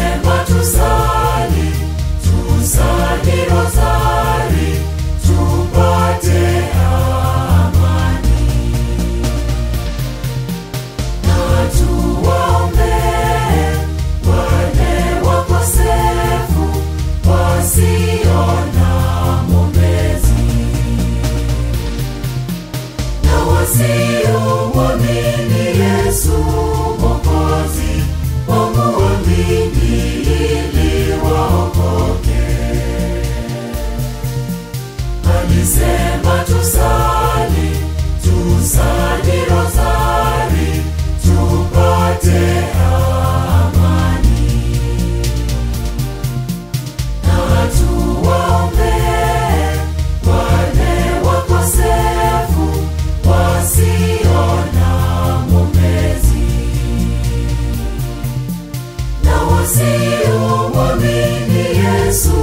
Vyema tusali, tusali rozari, tupate amani. Na tuwaombe wale wakosefu wasio na mwombezi na wasio mwamini Yesu Vyema tusali, tusali rozari, tupate amani. Na tuwaombe wale wakosefu wasio na mwombezi na wasiomwamini Yesu